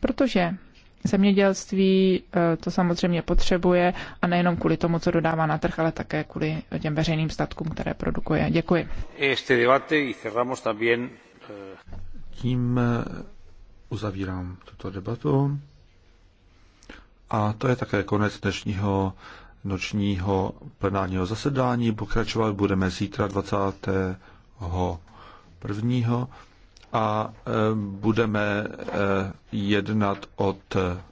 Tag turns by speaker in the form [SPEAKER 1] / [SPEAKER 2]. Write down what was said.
[SPEAKER 1] protože zemědělství eh, to samozřejmě potřebuje a nejenom kvůli tomu, co dodává na trh, ale také kvůli těm veřejným statkům, které produkuje. Děkuji.
[SPEAKER 2] Este debate y cerramos también... Eh.
[SPEAKER 1] Tím eh,
[SPEAKER 3] uzavírám tuto debatu. A to je také konec dnešního nočního plenárního zasedání. Pokračovat budeme zítra 20. 1 a eh, budeme eh,
[SPEAKER 4] jednat od eh,